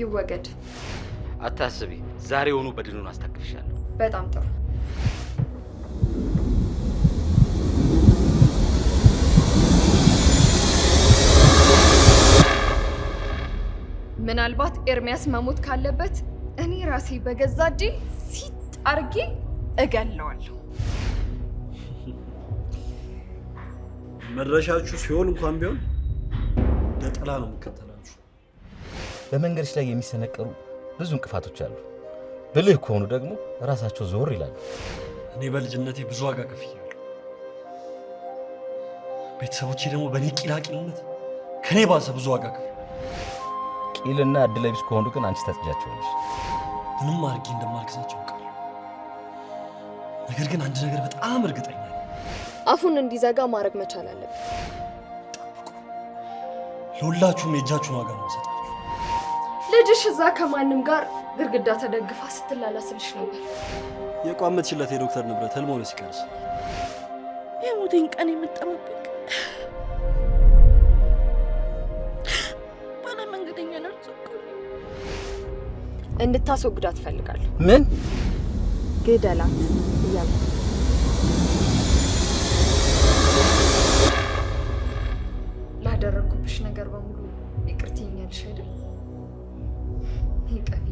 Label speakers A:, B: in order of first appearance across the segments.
A: ይወገድ።
B: አታስቢ፣ ዛሬውኑ በድኑን አስታክፍሻለሁ።
A: በጣም ጥሩ። ምናልባት ኤርሚያስ መሞት ካለበት እኔ ራሴ በገዛ እጄ ሲጥ አርጌ እገለዋለሁ።
B: መድረሻችሁ ሲሆን እንኳን ቢሆን ለጥላ ነው የምከተለው። በመንገድሽ ላይ የሚሰነቀሩ ብዙ እንቅፋቶች አሉ። ብልህ ከሆኑ ደግሞ ራሳቸው ዞር ይላሉ። እኔ በልጅነቴ ብዙ ዋጋ ከፍያለሁ። ቤተሰቦቼ ደግሞ በእኔ ቂላቂልነት ከኔ ባሰ ብዙ ዋጋ ከፍ ቂልና እድለቢስ ከሆኑ ግን አንቺ ታጽጃቸዋለሽ። ምንም አድርጌ እንደማልክሳቸው አውቃለሁ። ነገር ግን አንድ ነገር በጣም እርግጠኛ ነኝ።
A: አፉን እንዲዘጋ ማድረግ መቻል አለብን። ጠብቁ።
B: ለሁላችሁም የእጃችሁን ዋጋ ነው ሰጠ
A: ልጅሽ እዛ ከማንም ጋር ግርግዳ ተደግፋ ስትላላስልሽ ነበር።
B: የቋመትሽላት የዶክተር ንብረት ህልም ሆነ ሲቀርስ
A: የሞቴን ቀን የምጠባበቅ ባለ መንገደኛ ነው። እንድታስወግዳት እፈልጋለሁ። ምን ግደላት እያለ ላደረግኩብሽ ነገር በሙሉ ይቅርታ ትይኛለሽ አይደል? ይቀፊ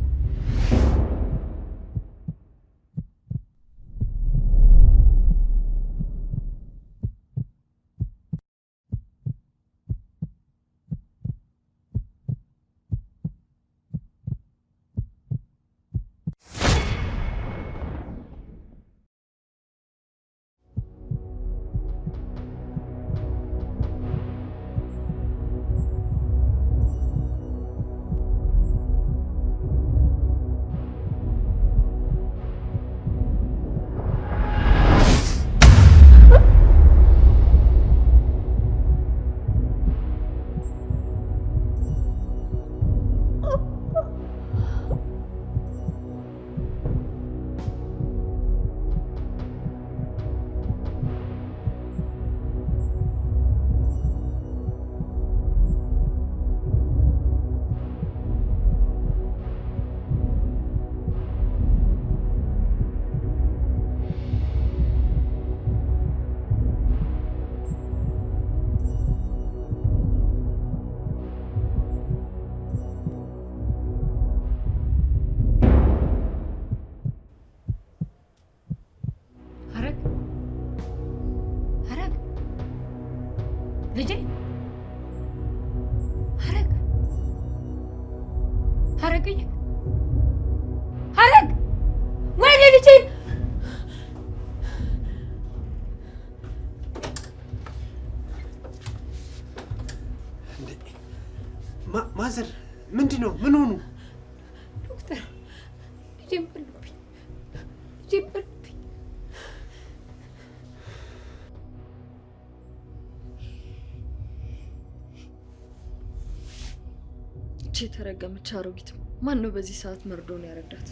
A: እቺ የተረገመች አሮጊት ማን ነው በዚህ ሰዓት መርዶን ያረዳት?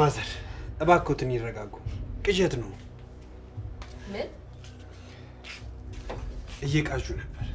B: ማዘር እባክዎትን ይረጋጉ። ቅዠት ነው። ምን እየቃዡ ነበር?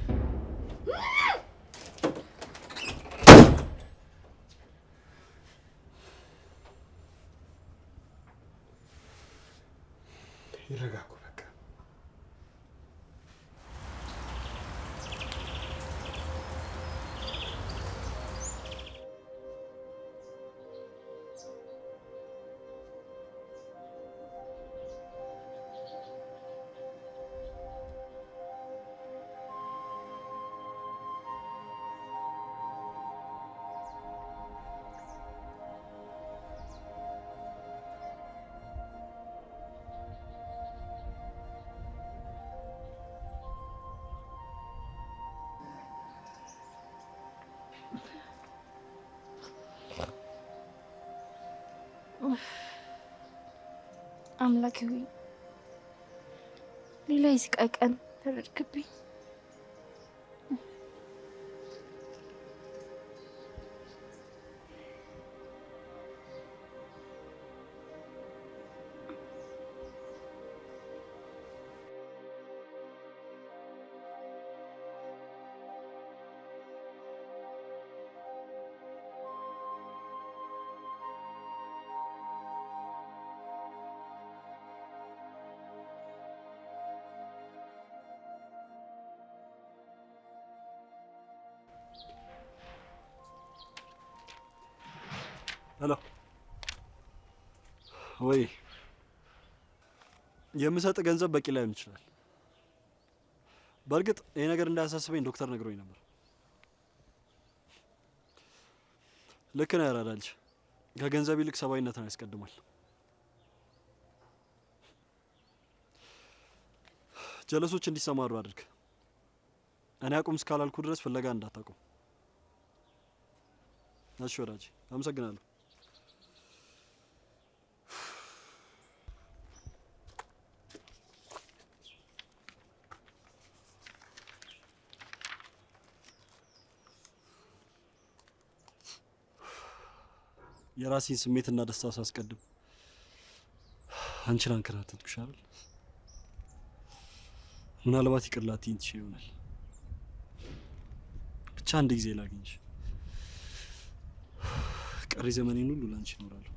A: አምላክ ሆይ ሌላ የስቃይ ቀን ተደርግብኝ
B: ሄሎ ወይ የምሰጥ ገንዘብ በቂ ላይሆን ይችላል። በእርግጥ ይሄ ነገር እንዳያሳስበኝ ዶክተር ነግሮኝ ነበር። ልክ ነው ያራዳ ልጅ፣ ከገንዘብ ይልቅ ሰብአዊነትን ያስቀድማል። ጀለሶች እንዲሰማሩ አድርግ። እኔ አቁም እስካላልኩ ድረስ ፍለጋ እንዳታቁም። እሺ ወዳጄ፣ አመሰግናለሁ። የራሴን ስሜትና ደስታ ሳስቀድም አንቺን አንከራተትኩሽ አይደል? ምናልባት ይቅርላት ላትይኝ ይሆናል። ብቻ አንድ ጊዜ ላግኝሽ። ቀሪ ዘመኔን ሁሉ ላንቺ ይኖራለሁ።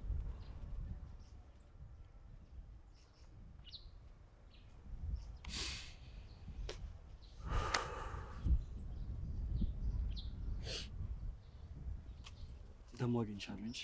B: ደግሞ አግኝሻለሁ እንጂ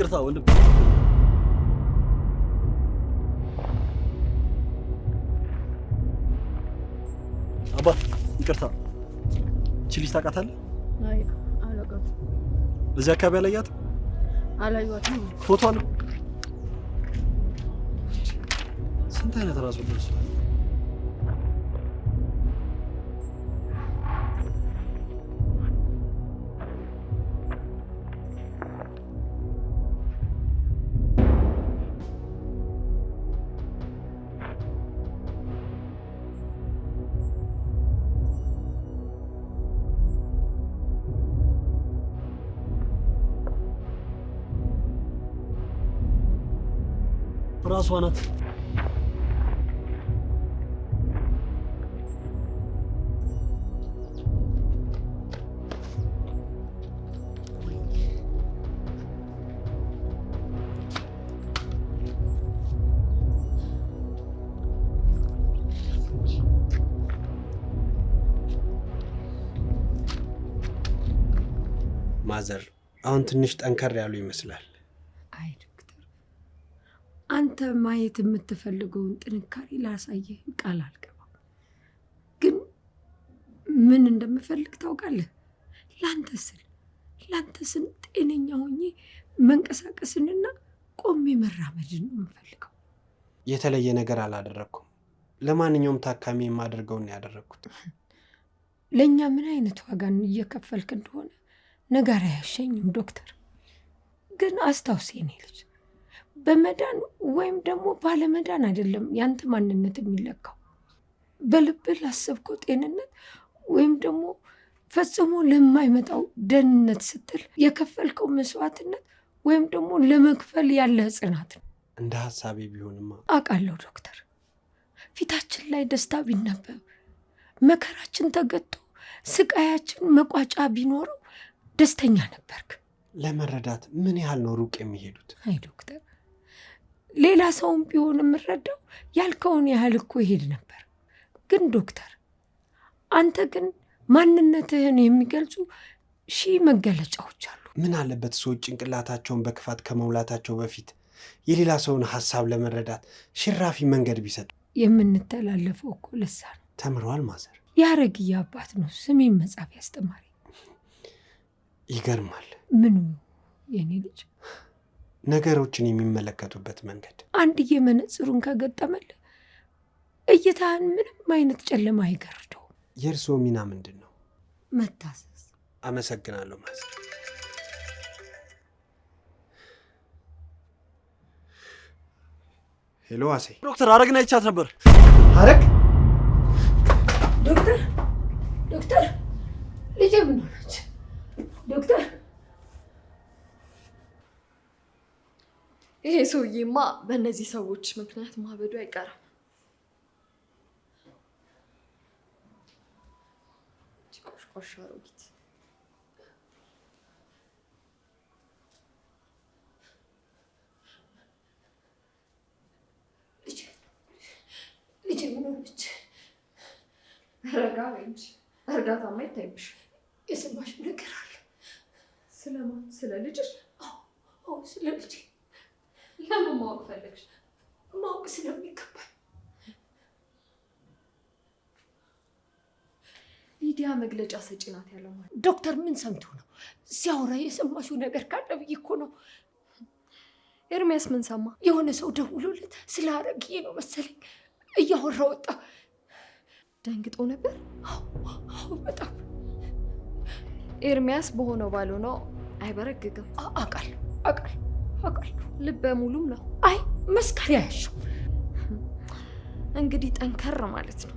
B: ይቅርታ ወንድም። አባ ይቅርታ። እቺ ልጅ ታውቃታለህ?
A: አይ አላውቃትም።
B: እዚህ አካባቢ አላያትም? አላየኋትም። ፎቶ አለ? ስንት አይነት ራሱ ነው ራሷ ናት። ማዘር አሁን ትንሽ ጠንከር ያሉ ይመስላል።
A: አንተ ማየት የምትፈልገውን ጥንካሬ ላሳየህ ቃል አልገባም፣ ግን ምን እንደምፈልግ ታውቃለህ? ላንተ ስል ላንተ ስን ጤነኛ ሆኜ መንቀሳቀስንና ቆሜ መራመድን ነው የምፈልገው።
B: የተለየ ነገር አላደረግኩም። ለማንኛውም ታካሚ የማደርገውን ያደረግኩት።
A: ለእኛ ምን አይነት ዋጋን እየከፈልክ እንደሆነ ነገር አያሸኝም ዶክተር። ግን አስታውሴ ኔ ልጅ በመዳን ወይም ደግሞ ባለመዳን አይደለም ያንተ ማንነት የሚለካው። በልብ ላሰብከው ጤንነት ወይም ደግሞ ፈጽሞ ለማይመጣው ደህንነት ስትል የከፈልከው መስዋዕትነት ወይም ደግሞ ለመክፈል ያለ ጽናት ነው።
B: እንደ ሀሳቤ ቢሆንማ
A: አውቃለሁ ዶክተር፣ ፊታችን ላይ ደስታ ቢነበብ፣ መከራችን ተገቶ ስቃያችን መቋጫ ቢኖረው ደስተኛ ነበርክ።
B: ለመረዳት ምን ያህል ነው ሩቅ የሚሄዱት?
A: አይ ዶክተር ሌላ ሰውም ቢሆን የምረዳው ያልከውን ያህል እኮ ይሄድ ነበር። ግን ዶክተር አንተ ግን ማንነትህን የሚገልጹ ሺህ መገለጫዎች አሉ።
B: ምን አለበት ሰዎች ጭንቅላታቸውን በክፋት ከመውላታቸው በፊት የሌላ ሰውን ሀሳብ ለመረዳት ሽራፊ መንገድ ቢሰጡ።
A: የምንተላለፈው እኮ ለሳ
B: ተምረዋል ማዘር።
A: ያረግያ አባት ነው ስሜን መጻፍ ያስተማሪ። ይገርማል። ምኑ የኔ ልጅ
B: ነገሮችን የሚመለከቱበት መንገድ።
A: አንድዬ መነጽሩን ከገጠመል እይታህን ምንም አይነት ጨለማ አይገርደው።
B: የእርስዎ ሚና ምንድን ነው?
A: መታሰስ።
B: አመሰግናለሁ ማዘር። ሄሎ አሴ። ዶክተር አረግን አይቻት ነበር። አረግ
A: ሰውዬማ በእነዚህ ሰዎች ምክንያት ማበዱ አይቀርም። ቆሽቆሽ አሮጊት ልጄ ምን ሆነች? ረጋ እርጋታማ ይታይብሽ። ነገር አለ። ስለማን? ስለ ልጅሽ? ስለ ልጄ ለምን ማወቅ ፈለግሽ? ማወቅ ስለሚገባል። ሊዲያ መግለጫ ሰጪ ናት ያለው ማለት ዶክተር ምን ሰምቶ ነው ሲያወራ? የሰማሽው ነገር ካለ ብዬሽ እኮ ነው። ኤርሚያስ ምን ሰማ? የሆነ ሰው ደውሎለት ስለ አረግዬ ነው መሰለኝ እያወራ ወጣ። ደንግጦ ነበር። አዎ በጣም ኤርሚያስ በሆነው ባልሆነው አይበረግግም። አውቃለሁ አውቃለሁ አውቃለሁ። ልበ ሙሉም ነው። አይ መስከሪ ያያሸው እንግዲህ ጠንከር ማለት ነው።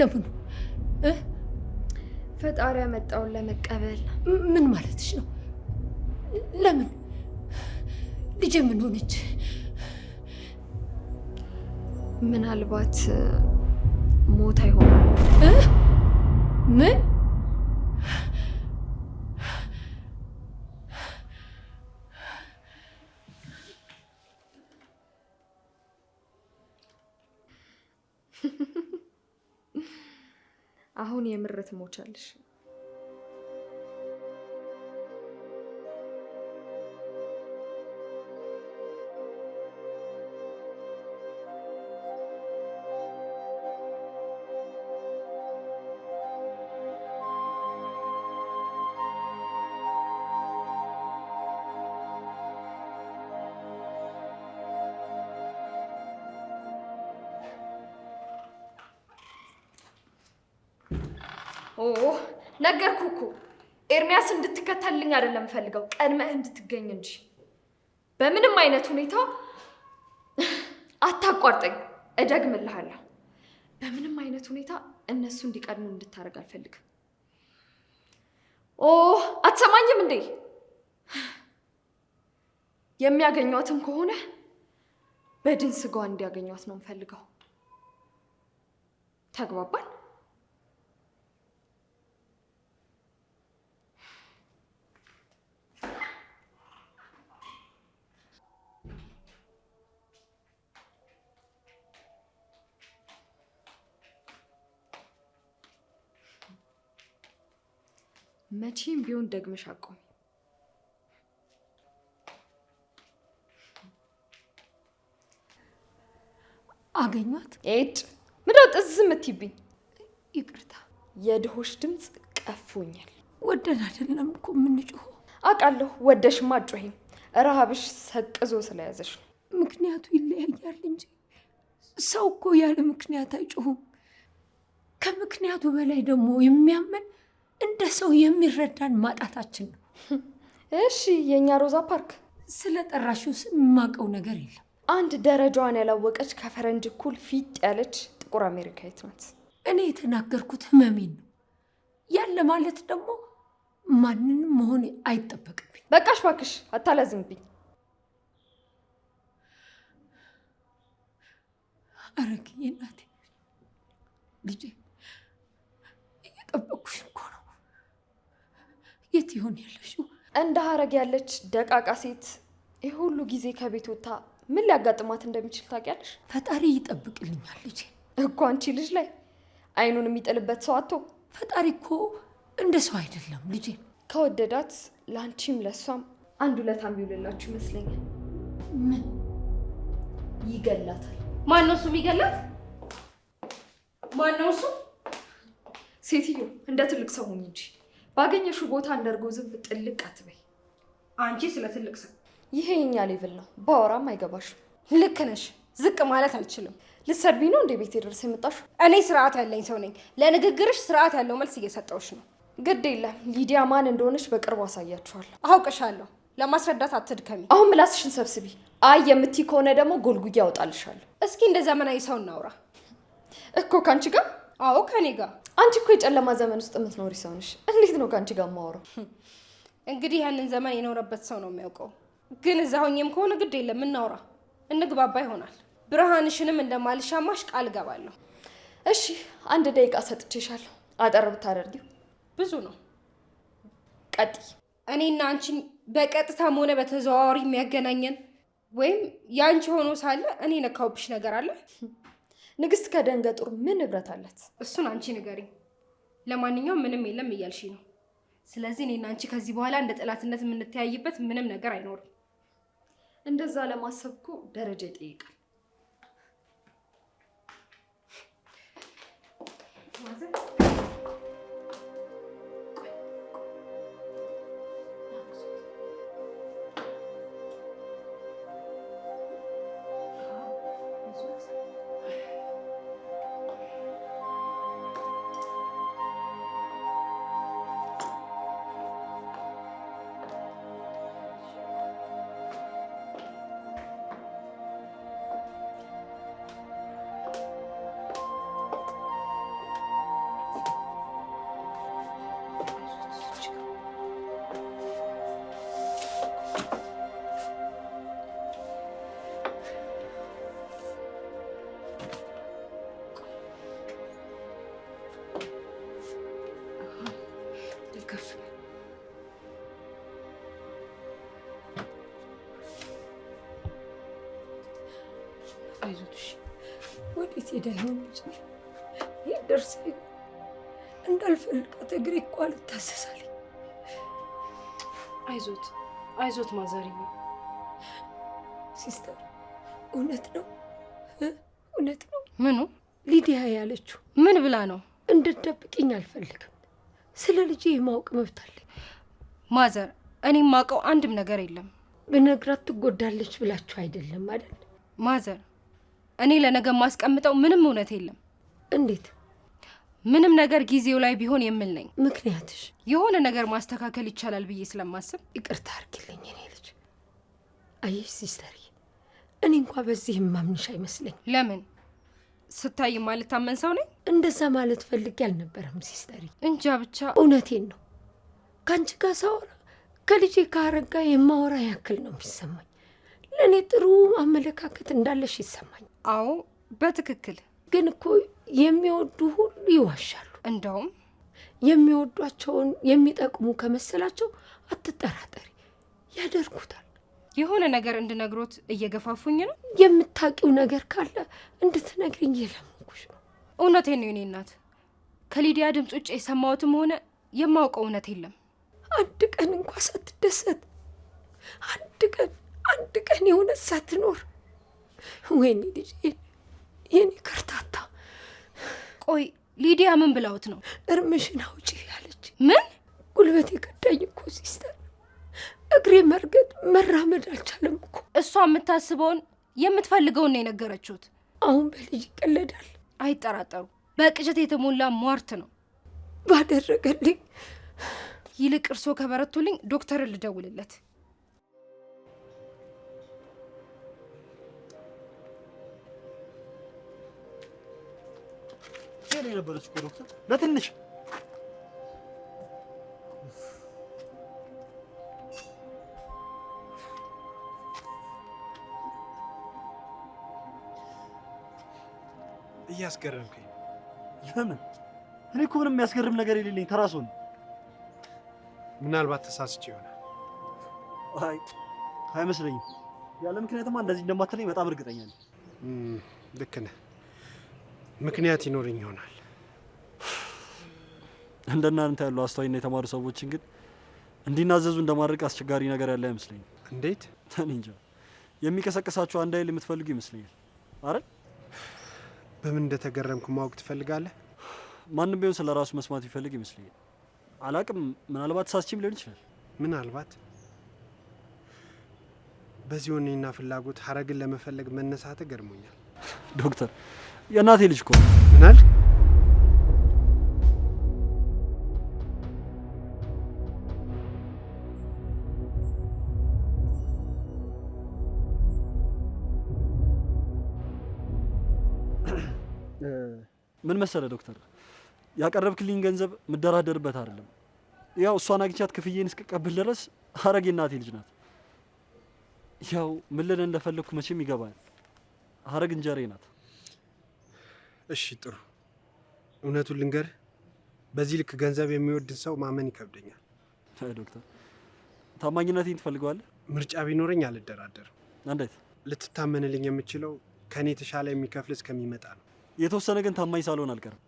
A: ለምኑ ፈጣሪ ያመጣውን ለመቀበል ምን ማለትሽ ነው? ለምን ልጄ ምን ሆነች? ምናልባት ሞታ ይሆናል። ምን አሁን የምር ትሞቻለሽ። ነገርኩ እኮ ኤርሚያስ እንድትከተልልኝ አይደለም ፈልገው ቀድመህ እንድትገኝ እንጂ በምንም አይነት ሁኔታ አታቋርጠኝ። እደግምልሃለሁ፣ በምንም አይነት ሁኔታ እነሱ እንዲቀድሙ እንድታደርግ አልፈልግም። ኦ አትሰማኝም እንዴ? የሚያገኟትም ከሆነ በድን ስጋዋ እንዲያገኟት ነው የምፈልገው። ተግባባል። መቼም ቢሆን ደግመሽ አቆሚ። አገኟት ኤጭ ምድው ጥዝ የምትይብኝ ይቅርታ፣ የድሆሽ ድምፅ ቀፎኛል። ወደን አይደለም እኮ የምንጮሆ አውቃለሁ። ወደሽ አትጮሂም፣ ረሃብሽ ሰቅዞ ስለያዘሽ ነው። ምክንያቱ ይለያያል እንጂ ሰው እኮ ያለ ምክንያት አይጮሁም። ከምክንያቱ በላይ ደግሞ የሚያመን እንደ ሰው የሚረዳን ማጣታችን ነው። እሺ የእኛ ሮዛ ፓርክ ስለ ጠራሽው ስም የማውቀው ነገር የለም። አንድ ደረጃዋን ያላወቀች ከፈረንጅ እኩል ፊጥ ያለች ጥቁር አሜሪካዊት ናት። እኔ የተናገርኩት ህመሜን ነው። ያለ ማለት ደግሞ ማንንም መሆን አይጠበቅብኝ። በቃሽ እባክሽ አታላዝምብኝ። አረግዬ እናቴ ልጄ እየጠበቅኩሽ የት ይሆን ያለሽው? እንደ ሀረግ ያለች ደቃቃ ሴት ይህ ሁሉ ጊዜ ከቤት ወጥታ ምን ሊያጋጥማት እንደሚችል ታውቂያለሽ? ፈጣሪ ይጠብቅልኛል ልጄ። እኮ አንቺ ልጅ ላይ አይኑን የሚጥልበት ሰው አቶ ፈጣሪ እኮ እንደ ሰው አይደለም ልጄ። ከወደዳት ለአንቺም ለእሷም አንድ ለታም ቢውልላችሁ ይመስለኛል። ምን ይገላታል? ማነው እሱ የሚገላት? እሱ? ሴትዮ እንደ ትልቅ ሰው ሁኚ እንጂ ባገኘሹ ቦታ እንደርጎ እርጎ ዝንብ ጥልቅ አትበይ። አንቺ ስለ ትልቅ ሰው ይሄ የኛ ሌቭል ነው። በአወራም አይገባሽም። ልክ ነሽ። ዝቅ ማለት አልችልም። ልትሰድቢ ነው እንደ ቤት ድረስ የመጣሽ? እኔ ስርዓት ያለኝ ሰው ነኝ። ለንግግርሽ ስርዓት ያለው መልስ እየሰጠውሽ ነው። ግድ የለም ሊዲያ ማን እንደሆነች በቅርቡ አሳያችኋለሁ። አውቅሻለሁ። ለማስረዳት አትድከሚ። አሁን ምላስሽን ሰብስቢ። አይ የምትይ ከሆነ ደግሞ ጎልጉያ አውጣልሻለሁ። እስኪ እንደ ዘመናዊ ሰው እናውራ እኮ ከአንቺ ጋር አዎ ከኔ ጋር። አንቺ እኮ የጨለማ ዘመን ውስጥ የምትኖሪ ሰው ነሽ። እንዴት ነው ከአንቺ ጋር የማወራው? እንግዲህ ያንን ዘመን የኖረበት ሰው ነው የሚያውቀው። ግን እዛ ሆኜም ከሆነ ግድ የለም እናውራ፣ እንግባባ ይሆናል። ብርሃንሽንም እንደማልሻማሽ ቃል እገባለሁ። እሺ፣ አንድ ደቂቃ ሰጥቼሻለሁ። አጠር ብታደርጊው ብዙ ነው። ቀጥይ። እኔና አንቺን በቀጥታም ሆነ በተዘዋዋሪ የሚያገናኘን ወይም የአንቺ ሆኖ ሳለ እኔ ነካውብሽ ነገር አለ? ንግስት ከደንገጡር ምን ንብረት አላት? እሱን አንቺ ንገሪኝ። ለማንኛውም ምንም የለም እያልሽ ነው። ስለዚህ እኔና አንቺ ከዚህ በኋላ እንደ ጠላትነት የምንተያይበት ምንም ነገር አይኖርም። እንደዛ ለማሰብ እኮ ደረጃ ይጠይቃል። ማዘር የት ሄዳ ይሆን የት ደርሳ እንዳልፈልጋት እግሬ እኮ አልታሰሳልኝ። አይዞት አይዞት ማዘርዬ። ሲስተር እውነት ነው እውነት ነው። ምኑ ሊዲያ ያለችው ምን ብላ ነው? እንድትደብቅኝ አልፈልግም። ስለ ልጄ የማወቅ መብት አለኝ ማዘር። እኔ የማውቀው አንድም ነገር የለም። ብነግራት ትጎዳለች ብላችሁ አይደለም አይደል ማዘር? እኔ ለነገ ማስቀምጠው ምንም እውነት የለም። እንዴት? ምንም ነገር ጊዜው ላይ ቢሆን የምል ነኝ። ምክንያትሽ? የሆነ ነገር ማስተካከል ይቻላል ብዬ ስለማስብ። ይቅርታ አድርጊልኝ እኔ ልጅ። አየሽ ሲስተርዬ፣ እኔ እንኳ በዚህ የማምንሽ አይመስለኝ። ለምን? ስታይ ማልታመን ሰው ነኝ? እንደዛ ማለት ፈልጌ አልነበረም ሲስተርዬ። እንጃ ብቻ እውነቴን ነው። ከአንቺ ጋር ሳወራ ከልጄ ከአረጋ የማወራ ያክል ነው የሚሰማኝ። ለእኔ ጥሩ አመለካከት እንዳለሽ ይሰማኝ አዎ በትክክል ግን እኮ የሚወዱ ሁሉ ይዋሻሉ። እንደውም የሚወዷቸውን የሚጠቅሙ ከመሰላቸው አትጠራጠሪ፣ ያደርጉታል። የሆነ ነገር እንድነግሮት እየገፋፉኝ ነው። የምታውቂው ነገር ካለ እንድትነግርኝ የለምንኩሽ ነው። እውነቴን ነው የኔ እናት። ከሊዲያ ድምፅ ውጭ የሰማሁትም ሆነ የማውቀው እውነት የለም። አንድ ቀን እንኳ ሳትደሰት፣ አንድ ቀን አንድ ቀን የሆነ ሳትኖር ወይኔ ልጅ የኔ ከርታታ። ቆይ ሊዲያ ምን ብላውት ነው እርምሽን አውጪ ያለች? ምን ጉልበት የቀዳኝ እኮ ሲስተር፣ እግሬ መርገጥ መራመድ አልቻለም እኮ። እሷ የምታስበውን የምትፈልገውን ነው የነገረችሁት። አሁን በልጅ ይቀለዳል። አይጠራጠሩ፣ በቅዠት የተሞላ ሟርት ነው ባደረገልኝ። ይልቅ እርሶ ከበረቱልኝ ዶክተርን ልደውልለት።
B: ላይ ነው እኮ ዶክተር፣ ለትንሽ እያስገረምከኝ። ለምን? እኔ እኮ ምንም የሚያስገርም ነገር የሌለኝ ተራ ሰው ነው። ምናልባት ተሳስቼ ይሆናል። አይ አይመስለኝም። ያለ ምክንያትማ እንደዚህ እንደማትለኝ በጣም እርግጠኛ ነኝ። ልክ ነህ። ምክንያት ይኖረኝ ይሆናል። እንደናንተ ያለው አስተዋይና የተማሩ ሰዎችን ግን እንዲናዘዙ እንደማድረግ አስቸጋሪ ነገር ያለ አይመስለኝም። እንዴት? እኔ እንጃ። አንድ ኃይል የምትፈልጉ ይመስለኛል። አረ በምን እንደተገረምኩ ማወቅ ትፈልጋለህ? ማንም ቢሆን ስለ ራሱ መስማት ይፈልግ ይመስለኛል። አላቅም። ምናልባት ሳስችም ሊሆን ይችላል። ምናልባት በዚህ ወኔና ፍላጎት ሀረግን ለመፈለግ መነሳት ገርሞኛል። ዶክተር የእናቴ ልጅ እኮ ምናል ምን መሰለ ዶክተር፣ ያቀረብክልኝ ገንዘብ ምደራደርበት አይደለም። ያው እሷን አግኝቻት ክፍዬን እስክቀብል ድረስ ሀረግ የእናቴ ልጅ ናት። ያው ምን ልልህ እንደፈለግኩ መቼም ይገባል። ሀረግ እንጀሬ ናት። እሺ ጥሩ። እውነቱን ልንገር በዚህ ልክ ገንዘብ የሚወድን ሰው ማመን ይከብደኛል። ዶክተር፣ ታማኝነትን ትፈልገዋለህ? ምርጫ ቢኖረኝ አልደራደርም። እንዴት? ልትታመንልኝ የምችለው ከእኔ የተሻለ የሚከፍል እስከሚመጣ ነው። የተወሰነ ግን ታማኝ ሳልሆን አልቀርም።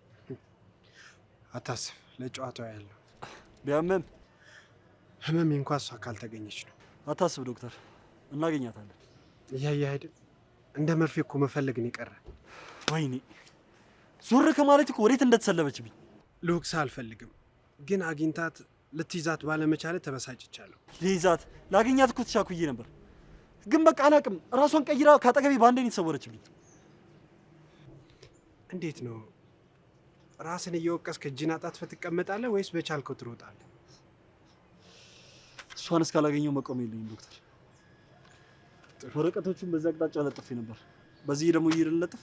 B: አታስብ፣ ለጨዋታው ያለው ቢያመም ህመም እንኳ እሷ ካልተገኘች ነው። አታስብ ዶክተር፣ እናገኛታለን። እያየህ አይደል እንደ መርፌ እኮ መፈለግ ነው የቀረ። ወይኔ ዞር ከማለት እኮ ወዴት እንደተሰለበች እንደተሰለበችብኝ። ልውቅሳ አልፈልግም፣ ግን አግኝታት ልትይዛት ባለመቻለ ተበሳጭቻለሁ። ልይዛት ላገኛት እኮ ትሻኩዬ ነበር፣ ግን በቃ አላቅም። ራሷን ቀይራ ከአጠገቤ በአንዴን የተሰወረችብኝ። እንዴት ነው ራስን እየወቀስክ እጅን አጣጥፈህ ትቀመጣለህ ወይስ በቻልከው ትሮጣለህ? እሷን እስካላገኘው መቆም የለኝም ዶክተር ወረቀቶቹን በዚህ አቅጣጫ ለጥፌ ነበር። በዚህ ደግሞ እየሄድን ለጥፍ።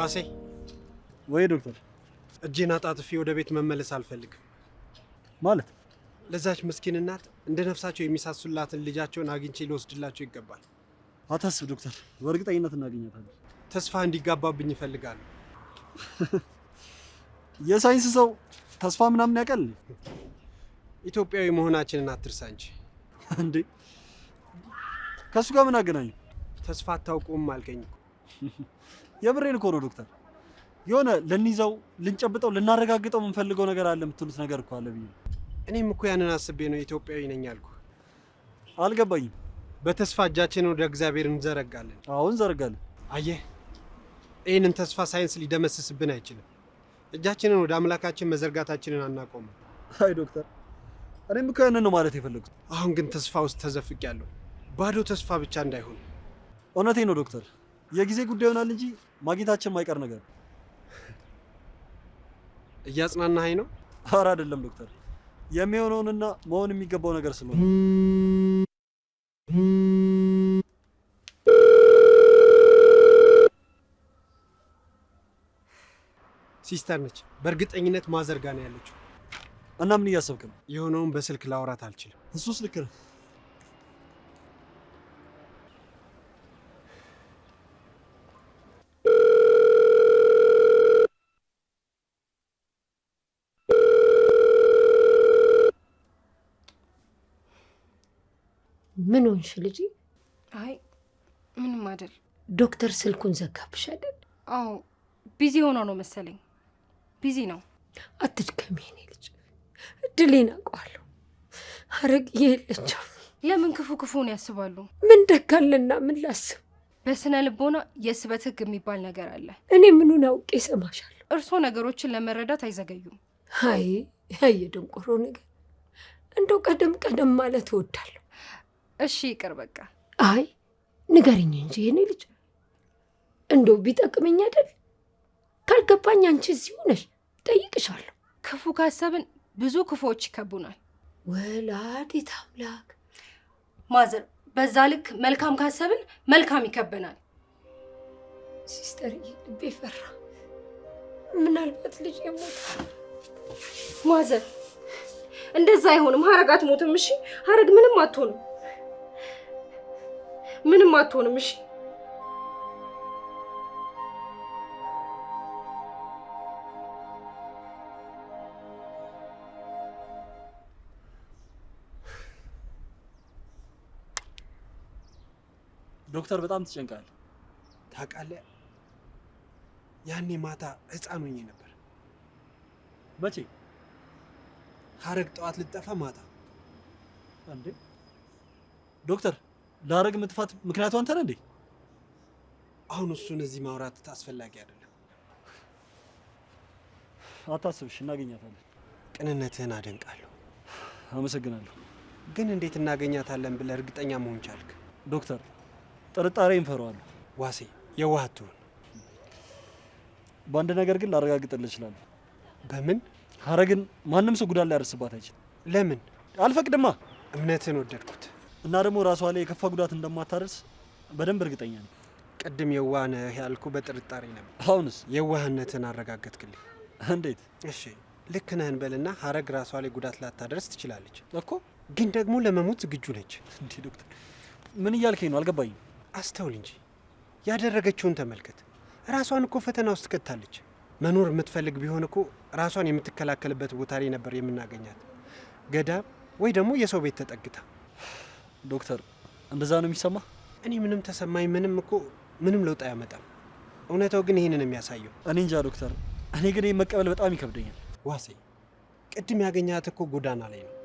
B: ዋሴ ወይ ዶክተር፣ እጄን አጣጥፌ ወደ ቤት መመለስ አልፈልግም። ማለት ለዛች ምስኪን እናት እንደ ነፍሳቸው የሚሳሱላትን ልጃቸውን አግኝቼ ሊወስድላቸው ይገባል። አታስብ ዶክተር፣ በእርግጠኝነት እናገኛታለን። ተስፋ እንዲጋባብኝ ይፈልጋሉ። የሳይንስ ሰው ተስፋ ምናምን ያውቃል። ኢትዮጵያዊ መሆናችንን አትርሳ እንጂ እንዴ። ከእሱ ጋር ምን አገናኙ? ተስፋ አታውቁም አልገኝ የምሬን እኮ ነው ዶክተር የሆነ ልንይዘው ልንጨብጠው ልናረጋግጠው የምንፈልገው ነገር አለ የምትሉት ነገር እኮ አለ ብዬ እኔም እኮ ያንን አስቤ ነው ኢትዮጵያዊ ነኝ ያልኩ። አልገባኝም። በተስፋ እጃችን ወደ እግዚአብሔር እንዘረጋለን። አዎ እንዘረጋለን። አየህ፣ ይህንን ተስፋ ሳይንስ ሊደመስስብን አይችልም። እጃችንን ወደ አምላካችን መዘርጋታችንን አናቆምም። አይ ዶክተር፣ እኔም እኮ ያንን ነው ማለት የፈለጉት። አሁን ግን ተስፋ ውስጥ ያለው ባዶ ተስፋ ብቻ እንዳይሆን። እውነቴ ነው ዶክተር፣ የጊዜ ጉዳይ ይሆናል እንጂ ማግኘታችን ማይቀር ነገር እያጽናናኸኝ ነው? ኧረ አይደለም ዶክተር፣ የሚሆነውንና መሆን የሚገባው ነገር ስለሆነ ሲስተር ነች። በእርግጠኝነት ማዘርጋ ነው ያለችው። እና ምን እያሰብክ ነው? የሆነውን በስልክ ላውራት አልችልም። እሱስ ልክ ነህ።
A: ምን ሆንሽ ልጅ? አይ ምንም አይደል። ዶክተር ስልኩን ዘጋብሽ አይደል? አዎ ቢዚ ሆኖ ነው መሰለኝ። ቢዚ ነው። አትድከሚ የኔ ልጅ፣ እድሌን አውቀዋለሁ። ሀረግ የለችም። ለምን ክፉ ክፉን ያስባሉ? ምን ደጋለና ምን ላስብ። በስነ ልቦና የስበት ህግ የሚባል ነገር አለ። እኔ ምኑን አውቄ እሰማሻለሁ። እርስዎ ነገሮችን ለመረዳት አይዘገዩም። አይ ያየ ደንቆሮ ነገር እንደው ቀደም ቀደም ማለት እወዳለሁ። እሺ ይቅር በቃ። አይ ንገርኝ እንጂ የኔ ልጅ እንደው ቢጠቅመኝ አይደል? ካልገባኝ አንቺ እዚሁ ነሽ፣ ጠይቅሻለሁ። ክፉ ካሰብን ብዙ ክፉዎች ይከቡናል። ወላዲተ አምላክ ማዘር፣ በዛ ልክ መልካም ካሰብን መልካም ይከበናል። ሲስተር ልቤ ፈራ። ምናልባት ልጅ የሞት ማዘር፣ እንደዛ አይሆንም። ሀረግ አትሞትም። እሺ ሀረግ ምንም አትሆንም። ምንም አትሆንም። እሺ
B: ዶክተር፣ በጣም ትጨንቃል። ታውቃለህ፣ ያኔ ማታ ህፃን ሆኜ ነበር። መቼ? ሀረግ ጠዋት ልጠፋ ማታ። እንዴ ዶክተር ላረግ መጥፋት ምክንያቱ አንተ ነህ እንዴ? አሁን እሱን እዚህ ማውራት አስፈላጊ አይደለም። አታስብሽ፣ እናገኛታለን። ቅንነትህን አደንቃለሁ። አመሰግናለሁ። ግን እንዴት እናገኛታለን ብለህ እርግጠኛ መሆን ቻልክ? ዶክተር፣ ጥርጣሬ ፈራዋለሁ። ዋሴ፣ የዋህ አትሁን። በአንድ ነገር ግን ላረጋግጥልህ እችላለሁ። በምን? ሀረግን ማንም ሰው ጉዳት ሊያደርስባት አይችልም። ለምን? አልፈቅድማ። እምነትህን ወደድኩት። እና ደግሞ ራሷ ላይ የከፋ ጉዳት እንደማታደርስ በደንብ እርግጠኛ ነኝ። ቅድም የዋነ ያልኩ በጥርጣሬ ነበር። አሁንስ የዋህነትን አረጋገጥክልኝ። እንዴት? እሺ ልክ ነህን በልና ሀረግ ራሷ ላይ ጉዳት ላታደርስ ትችላለች እኮ ግን ደግሞ ለመሞት ዝግጁ ነች። እንዴ ዶክተር ምን እያልከኝ ነው? አልገባኝም። አስተውል እንጂ ያደረገችውን ተመልከት። ራሷን እኮ ፈተና ውስጥ ከታለች። መኖር የምትፈልግ ቢሆን እኮ ራሷን የምትከላከልበት ቦታ ላይ ነበር የምናገኛት፣ ገዳም ወይ ደግሞ የሰው ቤት ተጠግታ ዶክተር እንደዛ ነው የሚሰማ? እኔ ምንም ተሰማኝ ምንም እኮ ምንም ለውጥ አያመጣም። እውነታው ግን ይህንን የሚያሳየው እኔ እንጃ ዶክተር፣ እኔ ግን ይህ መቀበል በጣም ይከብደኛል። ዋሴ ቅድም ያገኛት እኮ ጎዳና ላይ ነው